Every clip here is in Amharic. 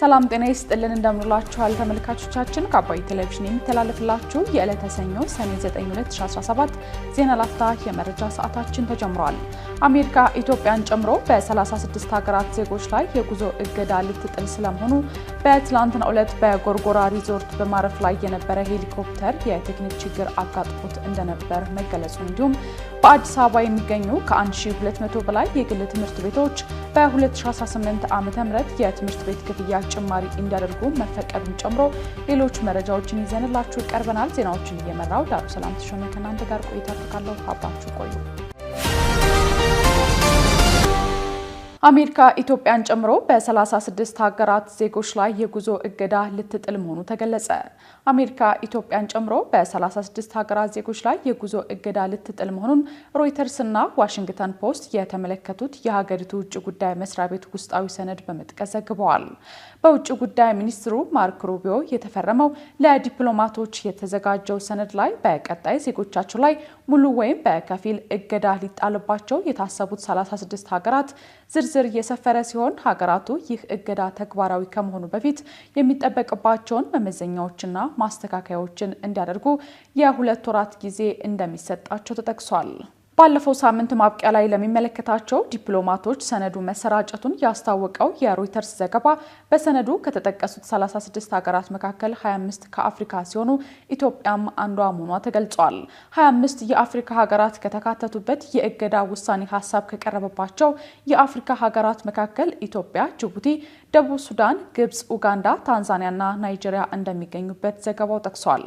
ሰላም ጤና ይስጥልን እንደምንላችኋል ተመልካቾቻችን። ካባይ ቴሌቪዥን የሚተላለፍላችሁ የዕለተ ሰኞ ሰኔ 9 2017 ዜና ላፍታ የመረጃ ሰዓታችን ተጀምሯል። አሜሪካ ኢትዮጵያን ጨምሮ በ36 ሀገራት ዜጎች ላይ የጉዞ እገዳ ልትጥል ስለመሆኑ በትላንትናው ዕለት በጎርጎራ ሪዞርት በማረፍ ላይ የነበረ ሄሊኮፕተር የቴክኒክ ችግር አጋጥሞት እንደነበር መገለጹ እንዲሁም በአዲስ አበባ የሚገኙ ከ1200 በላይ የግል ትምህርት ቤቶች በ2018 ዓ ም የትምህርት ቤት ክፍያ ጭማሪ እንዲያደርጉ መፈቀዱን ጨምሮ ሌሎች መረጃዎችን ይዘንላችሁ ቀርበናል። ዜናዎችን እየመራው ዳሩ ሰላም ተሾመ ጋር ቆይታ አድርጋለሁ። አብራችሁ ቆዩ። አሜሪካ ኢትዮጵያን ጨምሮ በ36 ሀገራት ዜጎች ላይ የጉዞ እገዳ ልትጥል መሆኑ ተገለጸ። አሜሪካ ኢትዮጵያን ጨምሮ በ36 ሀገራት ዜጎች ላይ የጉዞ እገዳ ልትጥል መሆኑን ሮይተርስና ዋሽንግተን ፖስት የተመለከቱት የሀገሪቱ ውጭ ጉዳይ መስሪያ ቤት ውስጣዊ ሰነድ በመጥቀስ ዘግበዋል። በውጭ ጉዳይ ሚኒስትሩ ማርክ ሩቢዮ የተፈረመው ለዲፕሎማቶች የተዘጋጀው ሰነድ ላይ በቀጣይ ዜጎቻቸው ላይ ሙሉ ወይም በከፊል እገዳ ሊጣልባቸው የታሰቡት 36 ሀገራት ዝርዝር የሰፈረ ሲሆን ሀገራቱ ይህ እገዳ ተግባራዊ ከመሆኑ በፊት የሚጠበቅባቸውን መመዘኛዎችና ማስተካከያዎችን እንዲያደርጉ የሁለት ወራት ጊዜ እንደሚሰጣቸው ተጠቅሷል። ባለፈው ሳምንት ማብቂያ ላይ ለሚመለከታቸው ዲፕሎማቶች ሰነዱ መሰራጨቱን ያስታወቀው የሮይተርስ ዘገባ በሰነዱ ከተጠቀሱት 36 ሀገራት መካከል 25 ከአፍሪካ ሲሆኑ ኢትዮጵያም አንዷ መሆኗ ተገልጿል። 25 የአፍሪካ ሀገራት ከተካተቱበት የእገዳ ውሳኔ ሀሳብ ከቀረበባቸው የአፍሪካ ሀገራት መካከል ኢትዮጵያ፣ ጅቡቲ፣ ደቡብ ሱዳን፣ ግብጽ፣ ኡጋንዳ፣ ታንዛኒያና ናይጄሪያ እንደሚገኙበት ዘገባው ጠቅሷል።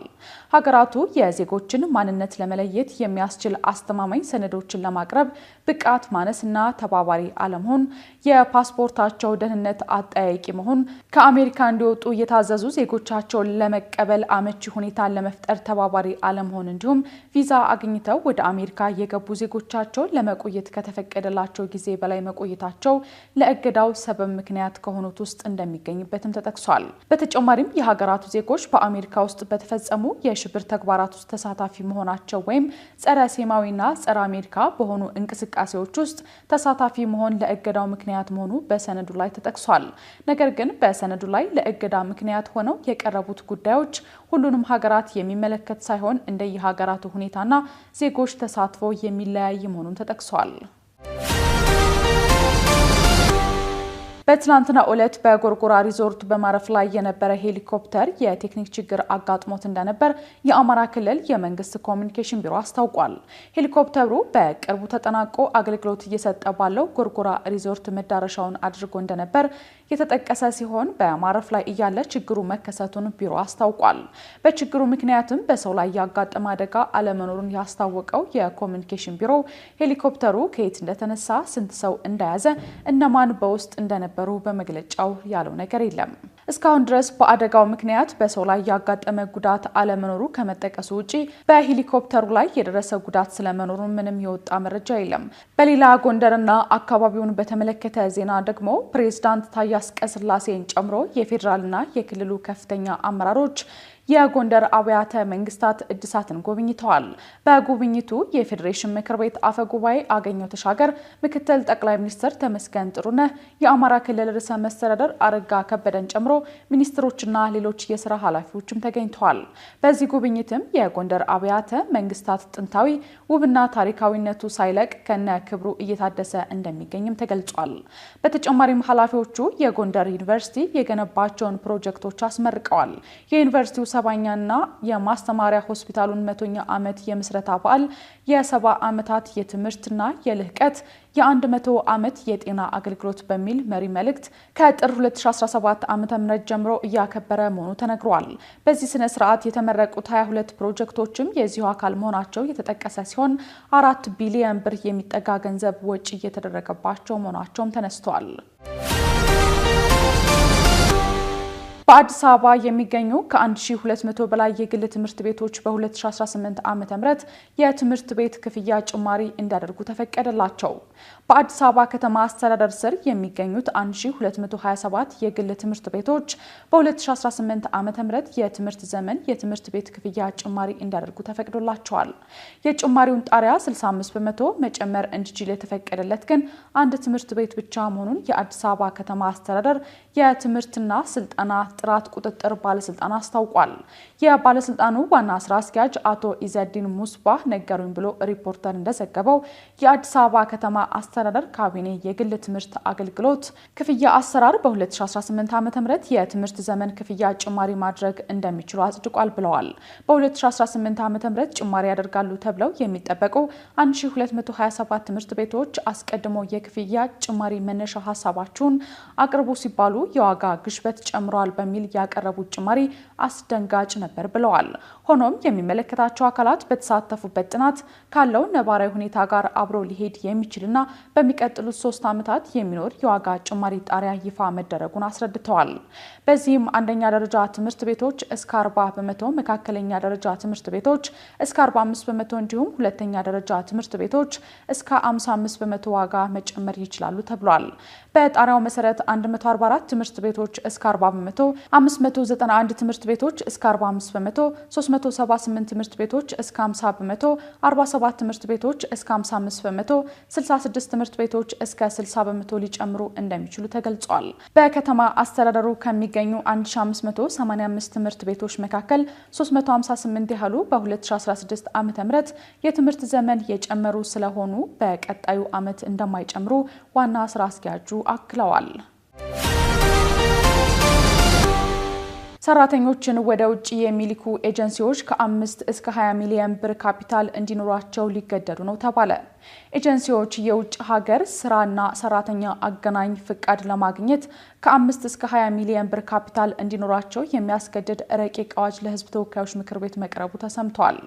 ሀገራቱ የዜጎችን ማንነት ለመለየት የሚያስችል አስተማማኝ ሰነዶችን ለማቅረብ ብቃት ማነስ እና ተባባሪ አለመሆን፣ የፓስፖርታቸው ደህንነት አጠያቂ መሆን፣ ከአሜሪካ እንዲወጡ እየታዘዙ ዜጎቻቸውን ለመቀበል አመቺ ሁኔታ ለመፍጠር ተባባሪ አለመሆን እንዲሁም ቪዛ አግኝተው ወደ አሜሪካ የገቡ ዜጎቻቸውን ለመቆየት ከተፈቀደላቸው ጊዜ በላይ መቆየታቸው ለእገዳው ሰበብ ምክንያት ከሆኑ አገልግሎት ውስጥ እንደሚገኝበትም ተጠቅሷል። በተጨማሪም የሀገራቱ ዜጎች በአሜሪካ ውስጥ በተፈጸሙ የሽብር ተግባራት ውስጥ ተሳታፊ መሆናቸው ወይም ጸረ ሴማዊና ጸረ አሜሪካ በሆኑ እንቅስቃሴዎች ውስጥ ተሳታፊ መሆን ለእገዳው ምክንያት መሆኑ በሰነዱ ላይ ተጠቅሷል። ነገር ግን በሰነዱ ላይ ለእገዳ ምክንያት ሆነው የቀረቡት ጉዳዮች ሁሉንም ሀገራት የሚመለከት ሳይሆን እንደየሀገራቱ ሁኔታና ዜጎች ተሳትፎ የሚለያይ መሆኑን ተጠቅሷል። በትናንትና ዕለት በጎርጎራ ሪዞርት በማረፍ ላይ የነበረ ሄሊኮፕተር የቴክኒክ ችግር አጋጥሞት እንደነበር የአማራ ክልል የመንግስት ኮሚኒኬሽን ቢሮ አስታውቋል። ሄሊኮፕተሩ በቅርቡ ተጠናቆ አገልግሎት እየሰጠ ባለው ጎርጎራ ሪዞርት መዳረሻውን አድርጎ እንደነበር የተጠቀሰ ሲሆን በማረፍ ላይ እያለ ችግሩ መከሰቱን ቢሮ አስታውቋል። በችግሩ ምክንያትም በሰው ላይ ያጋጠመ አደጋ አለመኖሩን ያስታወቀው የኮሚኒኬሽን ቢሮ ሄሊኮፕተሩ ከየት እንደተነሳ፣ ስንት ሰው እንደያዘ፣ እነማን በውስጥ እንደነበ እንደነበሩ በመግለጫው ያለው ነገር የለም። እስካሁን ድረስ በአደጋው ምክንያት በሰው ላይ ያጋጠመ ጉዳት አለመኖሩ ከመጠቀሱ ውጪ በሄሊኮፕተሩ ላይ የደረሰ ጉዳት ስለመኖሩ ምንም የወጣ መረጃ የለም። በሌላ ጎንደርና አካባቢውን በተመለከተ ዜና ደግሞ ፕሬዝዳንት ታዬ አጽቀሥላሴን ጨምሮ የፌዴራልና የክልሉ ከፍተኛ አመራሮች የጎንደር አብያተ መንግስታት እድሳትን ጎብኝተዋል። በጉብኝቱ የፌዴሬሽን ምክር ቤት አፈ ጉባኤ አገኘው ተሻገር፣ ምክትል ጠቅላይ ሚኒስትር ተመስገን ጥሩነህ፣ የአማራ ክልል ርዕሰ መስተዳደር አረጋ ከበደን ጨምሮ ሚኒስትሮችና ሌሎች የስራ ኃላፊዎችም ተገኝተዋል። በዚህ ጉብኝትም የጎንደር አብያተ መንግስታት ጥንታዊ ውብና ታሪካዊነቱ ሳይለቅ ከነ ክብሩ እየታደሰ እንደሚገኝም ተገልጿል። በተጨማሪም ኃላፊዎቹ የጎንደር ዩኒቨርሲቲ የገነባቸውን ፕሮጀክቶች አስመርቀዋል። የዩኒቨርሲቲው ሰባኛና የማስተማሪያ ሆስፒታሉን መቶኛ ዓመት የምስረታ በዓል የሰባ ዓመታት የትምህርትና የልህቀት የአንድ መቶ ዓመት የጤና አገልግሎት በሚል መሪ መልእክት ከጥር 2017 ዓ ም ጀምሮ እያከበረ መሆኑ ተነግሯል። በዚህ ስነ ስርዓት የተመረቁት 22 ፕሮጀክቶችም የዚሁ አካል መሆናቸው የተጠቀሰ ሲሆን አራት ቢሊየን ብር የሚጠጋ ገንዘብ ወጪ እየተደረገባቸው መሆናቸውም ተነስቷል። በአዲስ አበባ የሚገኙ ከ1200 በላይ የግል ትምህርት ቤቶች በ2018 ዓ ም የትምህርት ቤት ክፍያ ጭማሪ እንዲያደርጉ ተፈቀደላቸው። በአዲስ አበባ ከተማ አስተዳደር ስር የሚገኙት 1227 የግል ትምህርት ቤቶች በ2018 ዓ ም የትምህርት ዘመን የትምህርት ቤት ክፍያ ጭማሪ እንዲያደርጉ ተፈቅዶላቸዋል። የጭማሪውን ጣሪያ 65 በመቶ መጨመር እንዲችል የተፈቀደለት ግን አንድ ትምህርት ቤት ብቻ መሆኑን የአዲስ አበባ ከተማ አስተዳደር የትምህርትና ስልጠና ጥራት ቁጥጥር ባለስልጣን አስታውቋል። የባለስልጣኑ ዋና ስራ አስኪያጅ አቶ ኢዘዲን ሙስባ ነገሩኝ ብሎ ሪፖርተር እንደዘገበው የአዲስ አበባ ከተማ አስተዳደር ካቢኔ የግል ትምህርት አገልግሎት ክፍያ አሰራር በ2018 ዓ ም የትምህርት ዘመን ክፍያ ጭማሪ ማድረግ እንደሚችሉ አጽድቋል ብለዋል። በ2018 ዓ ም ጭማሪ ያደርጋሉ ተብለው የሚጠበቁ 1227 ትምህርት ቤቶች አስቀድሞ የክፍያ ጭማሪ መነሻ ሀሳባችሁን አቅርቡ ሲባሉ የዋጋ ግሽበት ጨምሯል በሚል ያቀረቡት ጭማሪ አስደንጋጭ ነበር ብለዋል። ሆኖም የሚመለከታቸው አካላት በተሳተፉበት ጥናት ካለው ነባራዊ ሁኔታ ጋር አብሮ ሊሄድ የሚችልና በሚቀጥሉት ሶስት ዓመታት የሚኖር የዋጋ ጭማሪ ጣሪያ ይፋ መደረጉን አስረድተዋል። በዚህም አንደኛ ደረጃ ትምህርት ቤቶች እስከ 40 በመቶ፣ መካከለኛ ደረጃ ትምህርት ቤቶች እስከ 45 በመቶ እንዲሁም ሁለተኛ ደረጃ ትምህርት ቤቶች እስከ 55 በመቶ ዋጋ መጨመር ይችላሉ ተብሏል። በጣሪያው መሰረት 144 ትምህርት ቤቶች እስከ 40 በመቶ 591 ትምህርት ቤቶች እስከ 45 በመቶ፣ 378 ትምህርት ቤቶች እስከ 50 በመቶ፣ 47 ትምህርት ቤቶች እስከ 55 በመቶ፣ 66 ትምህርት ቤቶች እስከ 60 በመቶ ሊጨምሩ እንደሚችሉ ተገልጿል። በከተማ አስተዳደሩ ከሚገኙ 1585 ትምህርት ቤቶች መካከል 358 ያህሉ በ2016 ዓ ም የትምህርት ዘመን የጨመሩ ስለሆኑ በቀጣዩ ዓመት እንደማይጨምሩ ዋና ስራ አስኪያጁ አክለዋል። ሰራተኞችን ወደ ውጭ የሚልኩ ኤጀንሲዎች ከአምስት እስከ 20 ሚሊዮን ብር ካፒታል እንዲኖራቸው ሊገደዱ ነው ተባለ። ኤጀንሲዎች የውጭ ሀገር ስራና ሰራተኛ አገናኝ ፍቃድ ለማግኘት ከአምስት እስከ 20 ሚሊዮን ብር ካፒታል እንዲኖራቸው የሚያስገድድ ረቂቅ አዋጅ ለህዝብ ተወካዮች ምክር ቤት መቅረቡ ተሰምቷል።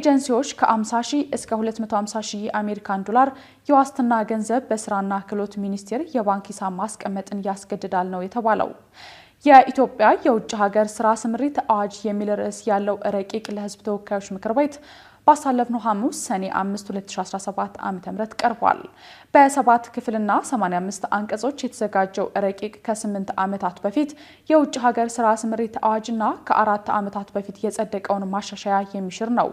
ኤጀንሲዎች ከ50 ሺህ እስከ 250 ሺህ የአሜሪካን ዶላር የዋስትና ገንዘብ በስራና ክህሎት ሚኒስቴር የባንክ ሂሳብ ማስቀመጥን ያስገድዳል ነው የተባለው። የኢትዮጵያ የውጭ ሀገር ስራ ስምሪት አዋጅ የሚል ርዕስ ያለው ረቂቅ ለሕዝብ ተወካዮች ምክር ቤት ባሳለፍነው ሐሙስ ሰኔ 5 2017 ዓ ም ቀርቧል። በሰባት ክፍልና 85 አንቀጾች የተዘጋጀው ረቂቅ ከ8 ዓመታት በፊት የውጭ ሀገር ስራ ስምሪት አዋጅና ከአራት ዓመታት በፊት የጸደቀውን ማሻሻያ የሚሽር ነው።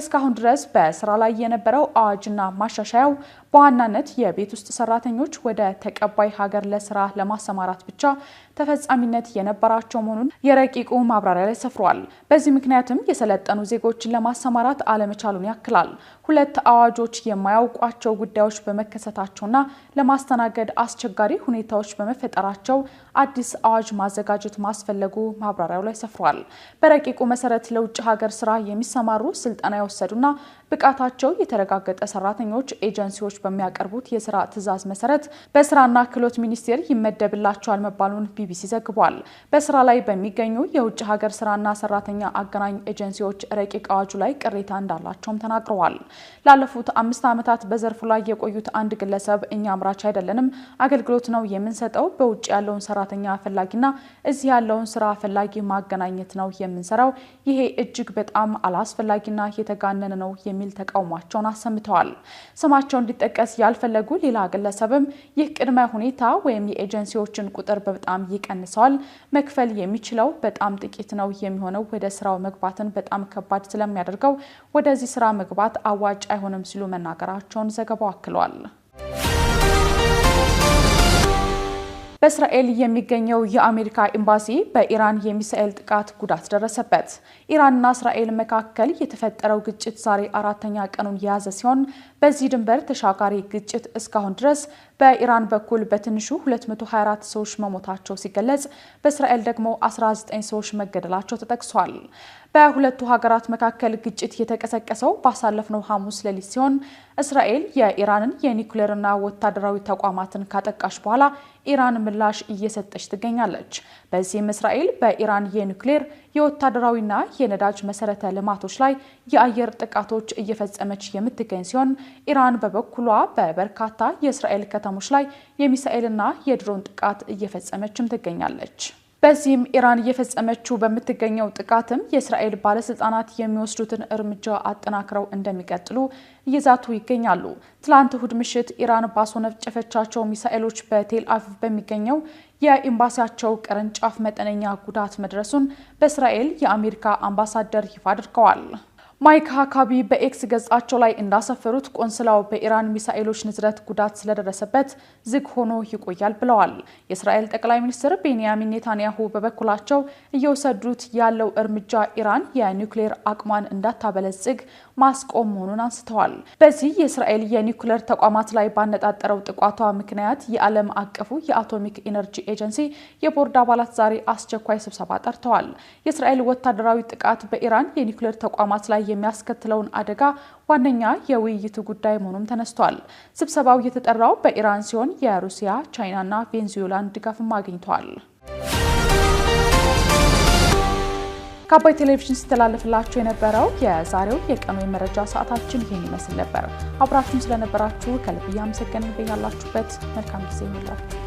እስካሁን ድረስ በስራ ላይ የነበረው አዋጅና ማሻሻያው በዋናነት የቤት ውስጥ ሰራተኞች ወደ ተቀባይ ሀገር ለስራ ለማሰማራት ብቻ ተፈጻሚነት የነበራቸው መሆኑን የረቂቁ ማብራሪያ ላይ ሰፍሯል። በዚህ ምክንያትም የሰለጠኑ ዜጎችን ለማሰማራት አለም አለመቻሉን ያክላል። ሁለት አዋጆች የማያውቋቸው ጉዳዮች በመከሰታቸውና ለማስተናገድ አስቸጋሪ ሁኔታዎች በመፈጠራቸው አዲስ አዋጅ ማዘጋጀት ማስፈለጉ ማብራሪያው ላይ ሰፍሯል። በረቂቁ መሰረት ለውጭ ሀገር ስራ የሚሰማሩ ስልጠና የወሰዱና ብቃታቸው የተረጋገጠ ሰራተኞች ኤጀንሲዎች በሚያቀርቡት የስራ ትዕዛዝ መሰረት በስራና ክህሎት ሚኒስቴር ይመደብላቸዋል መባሉን ቢቢሲ ዘግቧል። በስራ ላይ በሚገኙ የውጭ ሀገር ስራና ሰራተኛ አገናኝ ኤጀንሲዎች ረቂቅ አዋጁ ላይ ቅሬታ እንዳላቸውም ተናግረዋል። ላለፉት አምስት ዓመታት በዘርፉ ላይ የቆዩት አንድ ግለሰብ እኛ አምራች አይደለንም፣ አገልግሎት ነው የምንሰጠው። በውጭ ያለውን ሰራተኛ ፈላጊና እዚህ ያለውን ስራ ፈላጊ ማገናኘት ነው የምንሰራው። ይሄ እጅግ በጣም አላስፈላጊና የተጋነነ ነው የሚል ተቃውሟቸውን አሰምተዋል። ስማቸው እንዲጠቀስ ያልፈለጉ ሌላ ግለሰብም ይህ ቅድመ ሁኔታ ወይም የኤጀንሲዎችን ቁጥር በጣም ይቀንሰዋል። መክፈል የሚችለው በጣም ጥቂት ነው የሚሆነው። ወደ ስራው መግባትን በጣም ከባድ ስለሚያደርገው ወደዚህ ስራ መግባት አዋጭ አይሆንም ሲሉ መናገራቸውን ዘገባው አክሏል። በእስራኤል የሚገኘው የአሜሪካ ኤምባሲ በኢራን የሚሳኤል ጥቃት ጉዳት ደረሰበት። ኢራንና እስራኤል መካከል የተፈጠረው ግጭት ዛሬ አራተኛ ቀኑን የያዘ ሲሆን በዚህ ድንበር ተሻጋሪ ግጭት እስካሁን ድረስ በኢራን በኩል በትንሹ 224 ሰዎች መሞታቸው ሲገለጽ በእስራኤል ደግሞ 19 ሰዎች መገደላቸው ተጠቅሷል። በሁለቱ ሀገራት መካከል ግጭት የተቀሰቀሰው ባሳለፍነው ሐሙስ ሌሊት ሲሆን እስራኤል የኢራንን የኒውክሌርና ወታደራዊ ተቋማትን ካጠቃሽ በኋላ ኢራን ምላሽ እየሰጠች ትገኛለች። በዚህም እስራኤል በኢራን የኒውክሌር የወታደራዊና የነዳጅ መሰረተ ልማቶች ላይ የአየር ጥቃቶች እየፈጸመች የምትገኝ ሲሆን ኢራን በበኩሏ በበርካታ የእስራኤል ከተሞች ላይ የሚሳኤልና የድሮን ጥቃት እየፈጸመችም ትገኛለች። በዚህም ኢራን እየፈጸመችው በምትገኘው ጥቃትም የእስራኤል ባለስልጣናት የሚወስዱትን እርምጃ አጠናክረው እንደሚቀጥሉ እየዛቱ ይገኛሉ። ትላንት እሁድ ምሽት ኢራን ባስወነጨፈቻቸው ሚሳኤሎች በቴል አቪቭ በሚገኘው የኤምባሲያቸው ቅርንጫፍ መጠነኛ ጉዳት መድረሱን በእስራኤል የአሜሪካ አምባሳደር ይፋ አድርገዋል። ማይክ ሀካቢ በኤክስ ገጻቸው ላይ እንዳሰፈሩት ቆንስላው በኢራን ሚሳኤሎች ንዝረት ጉዳት ስለደረሰበት ዝግ ሆኖ ይቆያል ብለዋል። የእስራኤል ጠቅላይ ሚኒስትር ቤንያሚን ኔታንያሁ በበኩላቸው እየወሰዱት ያለው እርምጃ ኢራን የኒውክሌር አቅሟን እንዳታበለጽግ ማስቆም መሆኑን አንስተዋል። በዚህ የእስራኤል የኒውክሌር ተቋማት ላይ ባነጣጠረው ጥቃቷ ምክንያት የዓለም አቀፉ የአቶሚክ ኢነርጂ ኤጀንሲ የቦርድ አባላት ዛሬ አስቸኳይ ስብሰባ ጠርተዋል። የእስራኤል ወታደራዊ ጥቃት በኢራን የኒውክሌር ተቋማት ላይ የሚያስከትለውን አደጋ ዋነኛ የውይይቱ ጉዳይ መሆኑም ተነስቷል። ስብሰባው የተጠራው በኢራን ሲሆን የሩሲያ ቻይናና ቬንዙዌላን ድጋፍም አግኝተዋል። ከአባይ ቴሌቪዥን ሲተላለፍላችሁ የነበረው የዛሬው የቀኑ የመረጃ ሰዓታችን ይህን ይመስል ነበር። አብራችሁን ስለነበራችሁ ከልብ እያመሰገንን በያላችሁበት መልካም ጊዜ ይሁንላችሁ።